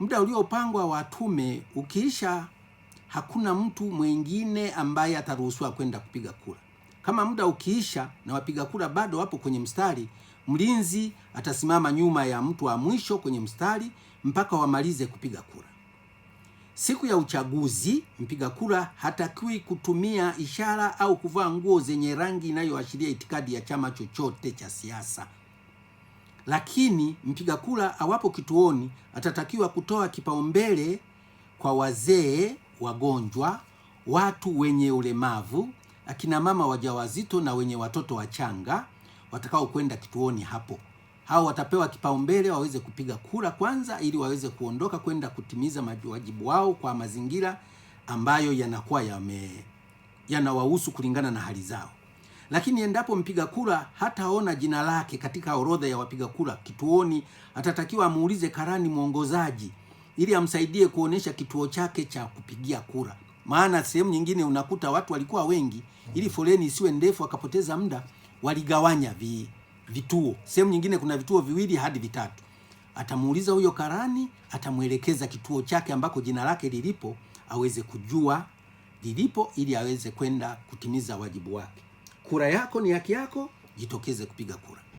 Muda uliopangwa wa tume ukiisha, hakuna mtu mwingine ambaye ataruhusiwa kwenda kupiga kura. Kama muda ukiisha na wapiga kura bado wapo kwenye mstari, mlinzi atasimama nyuma ya mtu wa mwisho kwenye mstari mpaka wamalize kupiga kura. Siku ya uchaguzi, mpiga kura hatakiwi kutumia ishara au kuvaa nguo zenye rangi inayoashiria itikadi ya chama chochote cha siasa lakini mpiga kura awapo kituoni atatakiwa kutoa kipaumbele kwa wazee, wagonjwa, watu wenye ulemavu, akina mama wajawazito na wenye watoto wachanga watakao kwenda kituoni hapo. Hao watapewa kipaumbele waweze kupiga kura kwanza, ili waweze kuondoka kwenda kutimiza wajibu wao kwa mazingira ambayo yanakuwa yame yanawahusu kulingana na hali zao. Lakini endapo mpiga kura hataona jina lake katika orodha ya wapiga kura kituoni, atatakiwa amuulize karani mwongozaji ili amsaidie kuonesha kituo chake cha kupigia kura. Maana sehemu nyingine unakuta watu walikuwa wengi, ili foleni isiwe ndefu akapoteza muda, waligawanya vi, vituo. Sehemu nyingine kuna vituo viwili hadi vitatu. Atamuuliza huyo karani, atamwelekeza kituo chake ambako jina lake lilipo, aweze kujua lilipo ili aweze kwenda kutimiza wajibu wake. Kura yako ni haki yako, jitokeze kupiga kura.